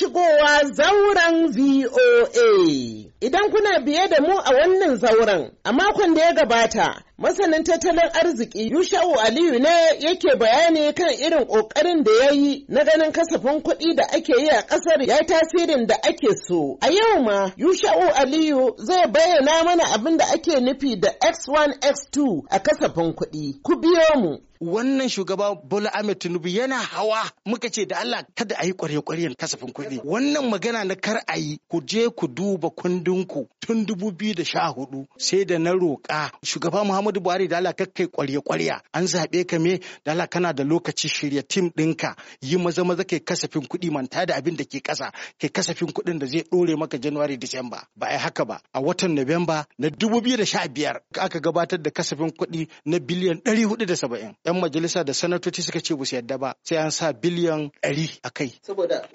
shigowa zauren VOA. Idan kuna biye da mu a wannan zauren, a makon da ya gabata, masanin tattalin arziki Yusha'u Aliyu ne yake bayani kan irin ƙoƙarin da ya yi na ganin kasafin kuɗi da ake yi a ƙasar ya tasirin da ake so. A yau ma, Yusha'u Aliyu zai bayyana mana abin da ake nufi da X1 X2 a kasafin kuɗi. Ku biyo mu. wannan shugaba Bola Ahmed Tinubu yana hawa muka ce da Allah kada a yi kwarye-kwaryen kasafin kuɗi. Wannan magana na kar a yi ku je ku duba kundinku tun dubu biyu da sha hudu sai da na roƙa shugaba Muhammadu Buhari da Allah kai kwarye-kwarya an zaɓe ka me da Allah kana da lokaci shirya tim ɗinka yi maza maza kai kasafin kuɗi manta da abin da ke ƙasa kai kasafin kuɗin da zai ɗore maka January Disamba ba a yi haka ba a watan Nuwamba na dubu biyu da sha biyar aka gabatar da kasafin kuɗi na biliyan ɗari hudu da saba'in. 'yan majalisa da sanatoci suka ce busu su yadda ba sai an sa biliyan ɗari a kai.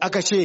Aka ce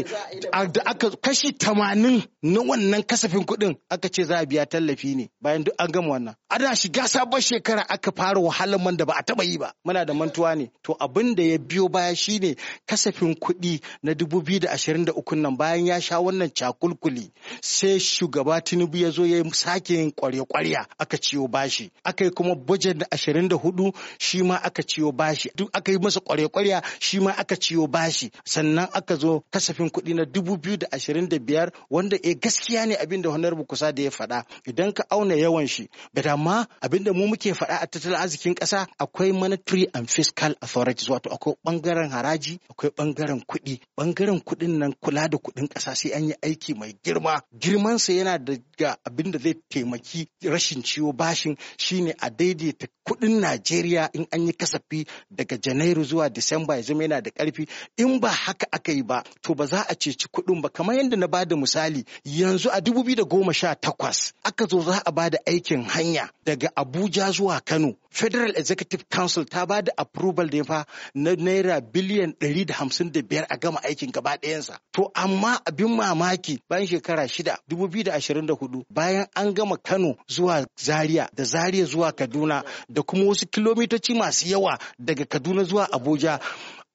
aka kashi tamanin na wannan kasafin kuɗin aka ce za a biya tallafi ne bayan duk an gama wannan. Ana shiga sabon shekara aka fara wahalar man da ba a taɓa yi ba. Muna da mantuwa ne. To abin da ya biyo baya shine kasafin kuɗi na dubu biyu da ashirin da uku nan bayan ya sha wannan cakulkuli sai shugaba Tinubu ya zo ya yi sake yin kwarya-kwarya aka ciyo bashi. Aka yi kuma bujen da ashirin da hudu shi ma aka aka ciyo bashi duk aka yi masa kware-kwarya shi ma aka ciyo bashi sannan aka zo kasafin kuɗi na dubu biyu da ashirin da biyar wanda e gaskiya ne abin da honorable kusa da ya faɗa idan ka auna yawan shi but amma abin da mu muke faɗa a tattalin arzikin ƙasa akwai monetary and fiscal authorities wato akwai bangaren haraji akwai bangaren kuɗi bangaren kuɗin nan kula da kuɗin ƙasa sai an yi aiki mai girma girmansa yana daga abin da zai taimaki rashin ciwo bashin shine a daidaita kuɗin Najeriya in an yi kasa kasafi daga janairu zuwa disamba ya zama yana da karfi in ba haka aka yi ba to ba za a ceci kuɗin ba kamar yadda na bada misali yanzu a dubu biyu da goma sha takwas aka zo za a bada aikin hanya daga abuja zuwa kano federal executive council ta ba da approval da fa na naira biliyan ɗari da hamsin da biyar a gama aikin gaba ɗayansa to amma abin mamaki bayan shekara shida dubu biyu da ashirin da hudu bayan an gama kano zuwa zaria da zaria zuwa kaduna da kuma wasu kilomitoci masu yawa yawa daga Kaduna zuwa Abuja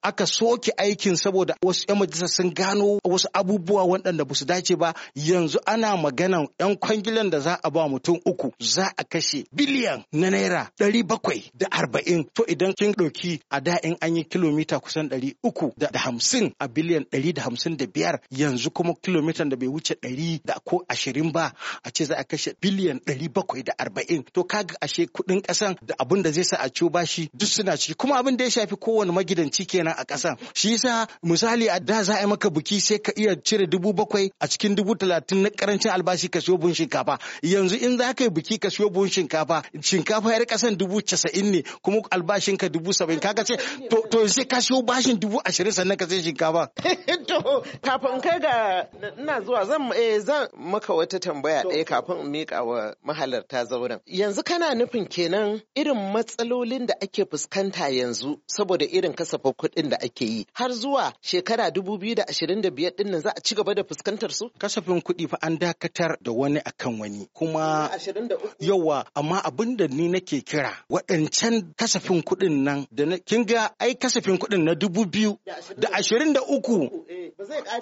aka soke aikin saboda wasu 'yan majalisa sun gano wasu abubuwa waɗanda ba su dace ba yanzu ana maganan 'yan kwangilan da za a ba mutum uku za a kashe biliyan na naira ɗari bakwai da arba'in to idan kin ɗauki a da in an yi kilomita kusan ɗari uku da hamsin a biliyan ɗari da hamsin da biyar yanzu kuma kilomitan da bai wuce ɗari da ko ashirin ba a ce za a kashe biliyan ɗari bakwai da arba'in to kaga ashe kuɗin ƙasan da abin da zai sa a ciwo bashi duk suna ciki kuma abin da ya shafi kowane magidanci kenan a ƙasar shi yasa misali a da za a yi maka buki sai ka iya cire dubu bakwai a cikin dubu talatin na ƙarancin albashi ka siyo buhun shinkafa yanzu in za ka yi buki ka siyo buhun shinkafa shinkafa yar ƙasan dubu casa'in ne kuma albashin ka dubu saba'in ka ce to sai ka siyo bashin dubu ashirin sannan ka sai shinkafa. to kafin kai ga ina zuwa zan eh, zan maka wata tambaya ɗaya eh, kafin in miƙa wa mahalarta zauren yanzu kana nufin kenan irin matsalolin da ake fuskanta yanzu saboda irin kasafin kuɗi ɗin da ake yi har zuwa shekara 2025 ɗin nan za a ci gaba da fuskantar su? Kasafin kuɗi fa an dakatar da wani akan wani kuma yawa amma abin da ni nake kira waɗancan kasafin kuɗin nan da na kin ga ai kasafin kuɗin na dubu biyu da ashirin da uku eh,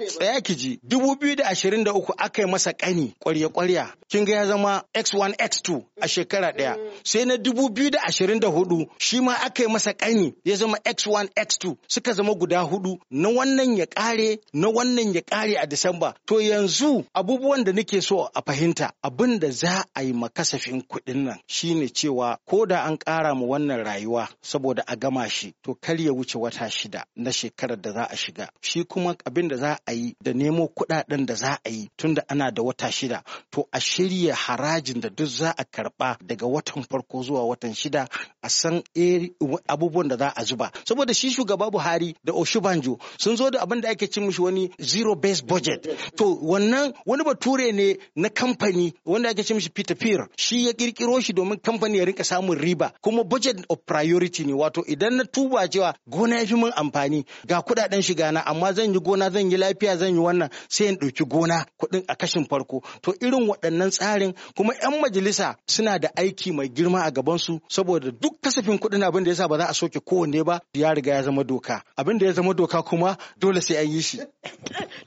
tsaya ki ji dubu biyu da ashirin da uku aka yi masa ƙani ƙwarya-ƙwarya kin ga ya zama x1 x2 a shekara ɗaya mm. sai na dubu biyu da ashirin da hudu shi ma aka yi masa ƙani ya zama x1 x2 suka zama guda hudu na wannan ya kare na wannan ya kare a Disamba. To yanzu abubuwan da nake so a fahimta abin da za a yi makasafin kuɗin nan shine cewa ko da an ƙara mu wannan rayuwa saboda a gama shi to kar ya wuce wata shida na shekarar da za a shiga. Shi kuma abin da za a yi da nemo kuɗaɗen da za a yi da ana da wata shida to a shirya harajin da duk za a karɓa daga watan farko zuwa watan shida a san eh, abubuwan da za a zuba. Saboda shi shugaba Buhari da Oshibanjo sun zo da abin da ake cin mishi wani zero based budget to wannan wani bature ne na kamfani wanda ake cin mishi Peter Peer shi ya kirkiro shi domin kamfani ya rinka samun riba kuma budget of priority ne wato idan na tuba cewa gona ya fi min amfani ga kuɗaɗen shiga na amma zan yi gona zan yi lafiya zan yi wannan sai in ɗauki gona kuɗin a kashin farko to irin waɗannan tsarin kuma 'yan majalisa suna da aiki mai girma a gabansu saboda duk kasafin kuɗin abin da yasa ba za a soke kowanne ba ya riga ya zama doka doka abin da ya zama doka kuma dole sai an yi shi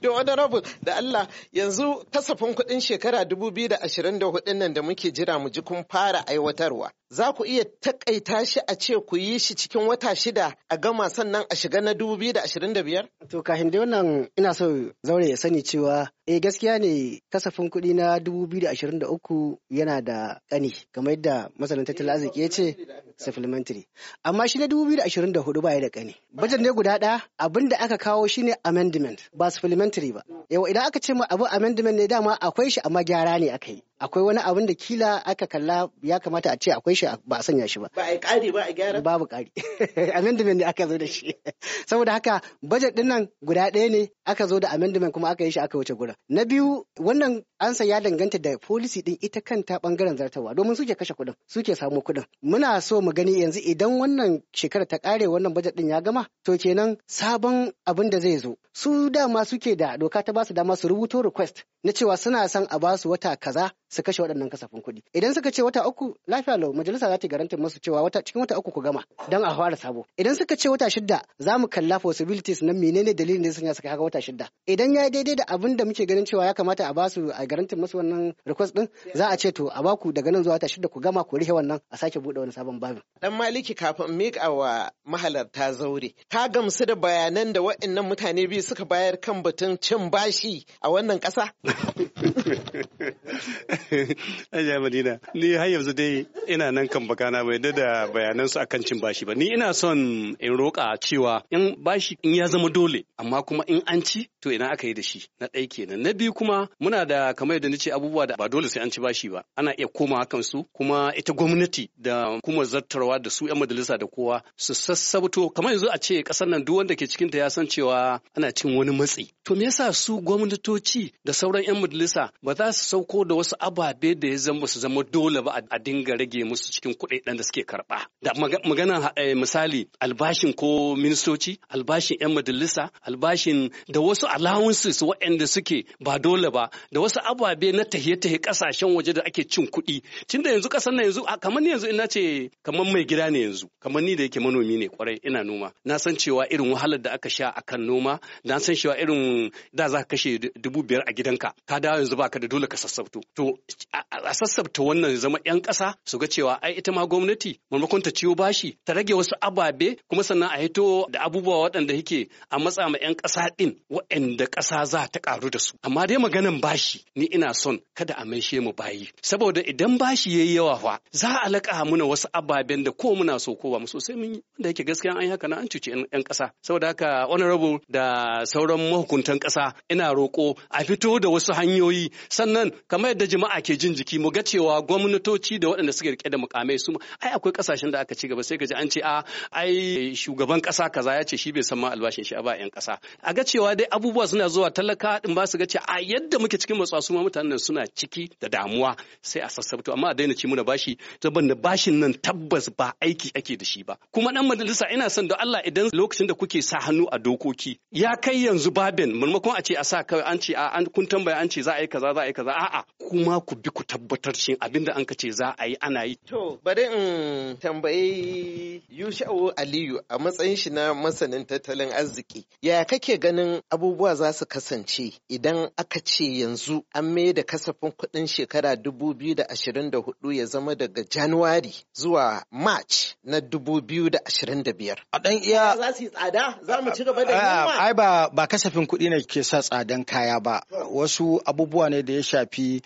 da honorable da Allah yanzu kasafin kuɗin shekara 2024 nan da muke jira mu ji kun fara aiwatarwa za ku iya takaita shi a ce ku yi shi cikin wata shida a gama sannan a shiga na 2025 to kafin dai wannan ina so zaure ya sani cewa eh gaskiya ne kasafin kuɗi na 2023 yana da ƙani kamar yadda masanin tattalin arziki ya ce supplementary amma shi na 2024 ba ya da ƙani Wajen ne guda ɗaya abin da aka kawo shi ne amendment ba supplementary ba. Yawa idan aka ce ma abu amendment ne dama akwai shi amma gyara ne aka yi. akwai wani abin da kila aka kalla ya kamata a ce akwai shi ba a sanya shi ba ba a ƙari ba a gyara babu ƙari amendment ne aka zo da shi saboda haka budget din nan guda ɗaya ne aka zo da amendment kuma aka yi shi aka wuce gura na biyu wannan ansa ya danganta da policy din ita kanta bangaren zartawa domin suke kashe kuɗin suke samu kuɗin muna so mu gani yanzu idan wannan shekara ta ƙare wannan budget din ya gama to kenan sabon abin da zai zo su dama suke da doka ta ba su dama su rubuto request na cewa suna son a ba su wata kaza su kashe waɗannan kasafin kuɗi idan suka ce wata uku lafiya lau majalisa za ta garantin masu cewa wata cikin wata uku ku gama don a fara sabo idan suka ce wata shidda za mu kalla possibilities na menene dalilin da sanya suka haka wata shida idan ya daidai da abin da muke ganin cewa ya kamata a basu a garantin masu wannan request din za a ce to a baku daga nan zuwa wata shida ku gama ku rihe wannan a sake buɗe wani sabon babin dan maliki kafin mika wa mahalarta zaure ka gamsu da bayanan da waɗannan mutane biyu suka bayar kan batun cin bashi a wannan ƙasa Aja Madina, ni har yanzu dai ina nan kan bakana bai da bayanan su akan cin bashi ba. Ni ina son in roƙa cewa in bashi in ya zama dole, amma kuma in an ci to ina aka yi da shi na ɗai kenan. Na biyu kuma muna da kamar yadda nace abubuwa da ba dole sai an ci bashi ba. Ana iya komawa kan su kuma ita gwamnati da kuma zartarwa da su 'yan majalisa da kowa su sassabto kamar yanzu a ce ƙasar nan duk wanda ke cikin ta ya san cewa ana cin wani matsi. To me yasa su gwamnatoci da sauran 'yan majalisa ba za su sauko da wasu ababe da ya zama su zama dole ba a dinga rage musu cikin kuɗaɗen da suke karɓa. Da magana eh, misali albashin ko ministoci, albashin 'yan majalisa, albashin da wasu allowances waɗanda suke ba dole ba, da wasu ababe na tahiye-tahiye ƙasashen waje da ake cin kuɗi. Cin da yanzu ƙasar na yanzu kamar ni yanzu ina ce kamar mai gida ne yanzu, kamar ni da yake manomi ne kwarai ina noma. Na san cewa irin wahalar da aka sha akan noma, na san cewa irin da za ka kashe dubu biyar a gidanka, ka dawo yanzu ba ka da dole ka sassauto. to to a sassabta wannan zama yan ƙasa su ga cewa ai ita ma gwamnati maimakon ta ciwo bashi ta rage wasu ababe kuma sannan a hito da abubuwa waɗanda yake a matsa ma yan ƙasa ɗin waɗanda ƙasa za ta ƙaru da su amma dai maganan bashi ni ina son kada a maishe mu bayi saboda idan bashi yayi yawa fa za a laƙa muna wasu ababen da ko muna so ko ba mu so sai mun yi wanda yake gaskiya an yi haka na an cuci yan ƙasa saboda haka honorable da sauran mahukuntan ƙasa ina roƙo a fito da wasu hanyoyi sannan kamar kamar yadda jama'a ke jin jiki mu ga cewa gwamnatoci da waɗanda suke rike da mukamai su ai akwai kasashen da aka ci gaba sai ka ji an ce a ai shugaban kasa kaza ya ce shi bai san ma albashin shi a ba yan kasa a ga cewa dai abubuwa suna zuwa talaka din ba su ga ce a yadda muke cikin matsa su ma mutanen nan suna ciki da damuwa sai a sassabto amma a daina ci muna bashi saboda bashin nan tabbas ba aiki ake da shi ba kuma dan majalisa ina son da Allah idan lokacin da kuke sa hannu a dokoki ya kai yanzu babin maimakon a ce a sa kawai an ce a an kun tambaya an ce za a yi kaza za a yi kaza a'a kuma ku bi ku tabbatar shin abinda an ce za a yi ana yi. To bari in tambayi Yusha'u Aliyu a matsayin shi na masanin tattalin arziki. Ya kake ganin abubuwa za su kasance idan aka ce yanzu an mai da kasafin kuɗin shekara 2024 ya zama daga Januwari zuwa March na 2025. A ɗan iya. Za su yi tsada za mu ci gaba da ah, Ai ba kasafin kuɗi ne ke sa tsadan kaya ba. Wasu abubuwa ne da ya shafi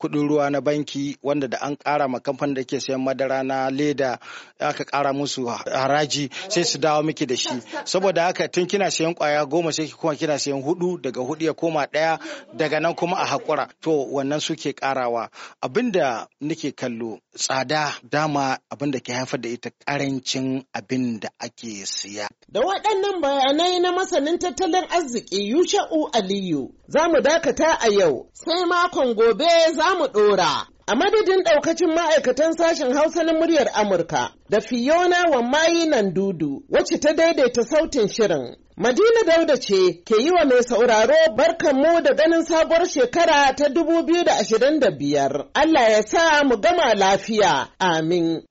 Kudin ruwa na banki wanda da an kara ma kamfanin da ke sayan madara na leda aka kara musu haraji sai su dawo miki da shi saboda haka tun kina sayan kwaya goma sai kuma kina sayan hudu daga hudu ya koma ɗaya daga nan kuma a hakura to wannan suke ƙarawa abinda nake kallo tsada dama abinda ke haifar da ita karancin abin da ake siya. Da waɗannan bayanai na masanin tattalin arziki Yusha'u Aliyu za mu dakata a yau sai makon gobe za za mu ɗora. A madadin ɗaukacin ma'aikatan sashen Hausa na muryar Amurka da Fiona nan Nandudu wacce ta daidaita sautin shirin. Madina Dauda ce ke yi wa mai sauraro barkanmu da ganin sabuwar shekara ta 2025. Allah ya sa mu gama lafiya. Amin.